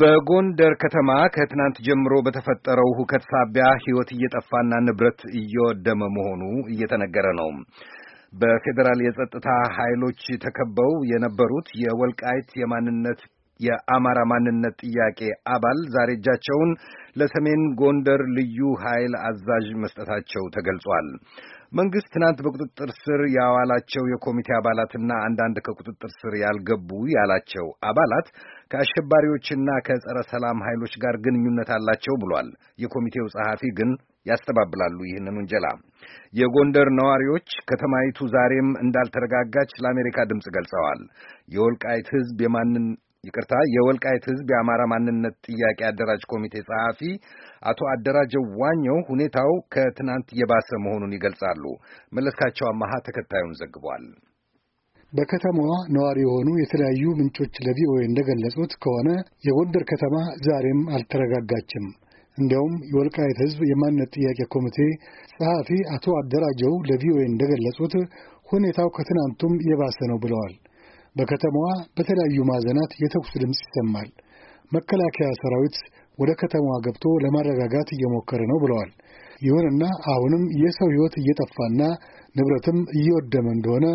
በጎንደር ከተማ ከትናንት ጀምሮ በተፈጠረው ሁከት ሳቢያ ሕይወት እየጠፋና ንብረት እየወደመ መሆኑ እየተነገረ ነው። በፌዴራል የጸጥታ ኃይሎች ተከበው የነበሩት የወልቃይት የማንነት የአማራ ማንነት ጥያቄ አባል ዛሬ እጃቸውን ለሰሜን ጎንደር ልዩ ኃይል አዛዥ መስጠታቸው ተገልጿል። መንግስት ትናንት በቁጥጥር ስር ያዋላቸው የኮሚቴ አባላትና አንዳንድ ከቁጥጥር ስር ያልገቡ ያላቸው አባላት ከአሸባሪዎችና ከጸረ ሰላም ኃይሎች ጋር ግንኙነት አላቸው ብሏል። የኮሚቴው ጸሐፊ ግን ያስተባብላሉ ይህንን ውንጀላ። የጎንደር ነዋሪዎች ከተማይቱ ዛሬም እንዳልተረጋጋች ለአሜሪካ ድምፅ ገልጸዋል። የወልቃይት ሕዝብ ይቅርታ የወልቃይት ህዝብ የአማራ ማንነት ጥያቄ አደራጅ ኮሚቴ ጸሐፊ አቶ አደራጀው ዋኘው ሁኔታው ከትናንት የባሰ መሆኑን ይገልጻሉ። መለስካቸው አማሃ ተከታዩን ዘግቧል። በከተማዋ ነዋሪ የሆኑ የተለያዩ ምንጮች ለቪኦኤ እንደገለጹት ከሆነ የጎንደር ከተማ ዛሬም አልተረጋጋችም። እንዲያውም የወልቃይት ህዝብ የማንነት ጥያቄ ኮሚቴ ጸሐፊ አቶ አደራጀው ለቪኦኤ እንደገለጹት ሁኔታው ከትናንቱም የባሰ ነው ብለዋል። በከተማዋ በተለያዩ ማዕዘናት የተኩስ ድምፅ ይሰማል። መከላከያ ሰራዊት ወደ ከተማዋ ገብቶ ለማረጋጋት እየሞከረ ነው ብለዋል። ይሁንና አሁንም የሰው ሕይወት እየጠፋና ንብረትም እየወደመ እንደሆነ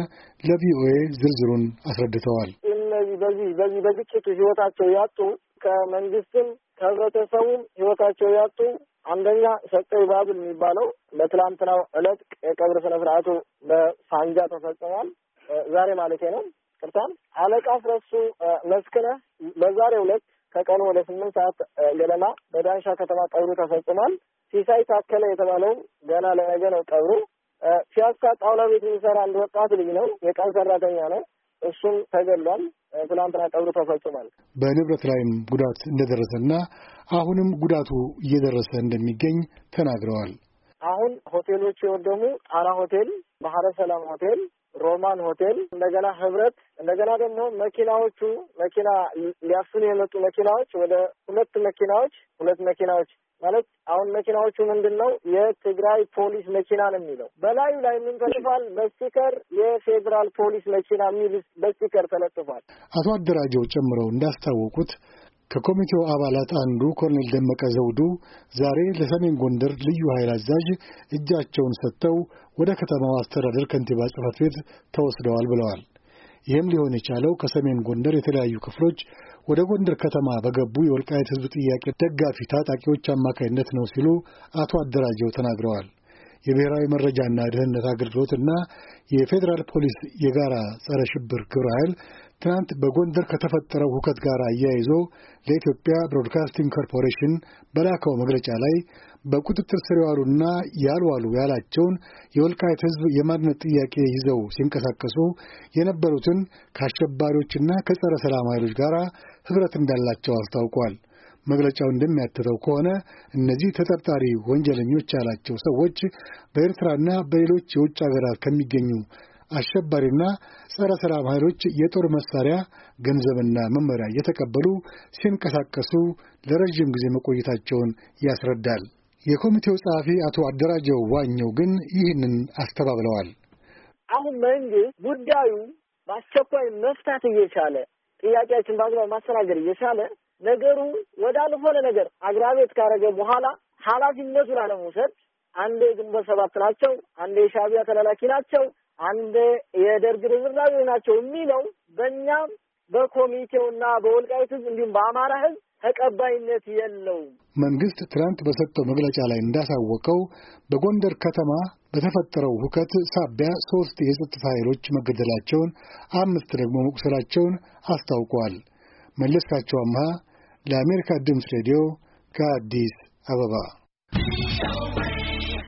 ለቪኦኤ ዝርዝሩን አስረድተዋል። እነዚህ በዚህ በዚህ በግጭቱ ሕይወታቸው ያጡ ከመንግስትም ከህብረተሰቡም ሕይወታቸው ያጡ አንደኛ ሰጠ ባብል የሚባለው በትላንትናው ዕለት የቀብር ስነ ስርዓቱ በፋንጃ ተፈጽሟል። ዛሬ ማለቴ ነው። ቅርታም አለቃ ፍረሱ መስክነ በዛሬ ሁለት ከቀኑ ወደ ስምንት ሰዓት ገለማ በዳንሻ ከተማ ቀብሩ ተፈጽሟል። ሲሳይ ታከለ የተባለው ገና ለነገ ነው ቀብሩ። ፒያሳ ጣውላ ቤት የሚሰራ አንድ ወጣት ልጅ ነው፣ የቀን ሰራተኛ ነው። እሱም ተገሏል። ትላንትና ቀብሩ ተፈጽሟል። በንብረት ላይም ጉዳት እንደደረሰና አሁንም ጉዳቱ እየደረሰ እንደሚገኝ ተናግረዋል። አሁን ሆቴሎች የወደሙ ጣና ሆቴል፣ ባህረ ሰላም ሆቴል፣ ሮማን ሆቴል፣ እንደገና ህብረት፣ እንደገና ደግሞ መኪናዎቹ መኪና ሊያፍኑ የመጡ መኪናዎች ወደ ሁለት መኪናዎች ሁለት መኪናዎች ማለት አሁን መኪናዎቹ ምንድን ነው የትግራይ ፖሊስ መኪና ነው የሚለው በላዩ ላይ ምን ተጽፏል? በስቲከር የፌዴራል ፖሊስ መኪና የሚል በስቲከር ተለጥፏል። አቶ አደራጀው ጨምረው እንዳስታወቁት ከኮሚቴው አባላት አንዱ ኮሎኔል ደመቀ ዘውዱ ዛሬ ለሰሜን ጎንደር ልዩ ኃይል አዛዥ እጃቸውን ሰጥተው ወደ ከተማው አስተዳደር ከንቲባ ጽሕፈት ቤት ተወስደዋል ብለዋል። ይህም ሊሆን የቻለው ከሰሜን ጎንደር የተለያዩ ክፍሎች ወደ ጎንደር ከተማ በገቡ የወልቃየት ሕዝብ ጥያቄ ደጋፊ ታጣቂዎች አማካኝነት ነው ሲሉ አቶ አደራጀው ተናግረዋል። የብሔራዊ መረጃና ደህንነት አገልግሎትና የፌዴራል ፖሊስ የጋራ ጸረ ሽብር ግብረ ኃይል ትናንት በጎንደር ከተፈጠረው ሁከት ጋር አያይዞ ለኢትዮጵያ ብሮድካስቲንግ ኮርፖሬሽን በላከው መግለጫ ላይ በቁጥጥር ስር የዋሉና ያልዋሉ ያላቸውን የወልቃይት ሕዝብ የማንነት ጥያቄ ይዘው ሲንቀሳቀሱ የነበሩትን ከአሸባሪዎችና ከጸረ ሰላም ኃይሎች ጋር ኅብረት እንዳላቸው አስታውቋል። መግለጫው እንደሚያትተው ከሆነ እነዚህ ተጠርጣሪ ወንጀለኞች ያላቸው ሰዎች በኤርትራና በሌሎች የውጭ አገራት ከሚገኙ አሸባሪና ጸረ ሰላም ኃይሎች የጦር መሳሪያ ገንዘብና መመሪያ እየተቀበሉ ሲንቀሳቀሱ ለረዥም ጊዜ መቆየታቸውን ያስረዳል። የኮሚቴው ጸሐፊ አቶ አደራጀው ዋኘው ግን ይህንን አስተባብለዋል። አሁን መንግስት ጉዳዩ በአስቸኳይ መፍታት እየቻለ ጥያቄያችን በአግባብ ማስተናገድ እየቻለ ነገሩ ወዳልሆነ ነገር አግራቤት ካረገ በኋላ ኃላፊነቱን አለመውሰድ አንዴ ግንቦት ሰባት ናቸው፣ አንዴ የሻቢያ ተላላኪ ናቸው አንድ የደርግ ርዝራዦች ናቸው የሚለው በእኛም በኮሚቴውና በወልቃይት ህዝብ እንዲሁም በአማራ ህዝብ ተቀባይነት የለውም። መንግስት ትናንት በሰጠው መግለጫ ላይ እንዳሳወቀው በጎንደር ከተማ በተፈጠረው ሁከት ሳቢያ ሶስት የጸጥታ ኃይሎች መገደላቸውን፣ አምስት ደግሞ መቁሰላቸውን አስታውቋል። መለስካቸው አምሃ ለአሜሪካ ድምፅ ሬዲዮ ከአዲስ አበባ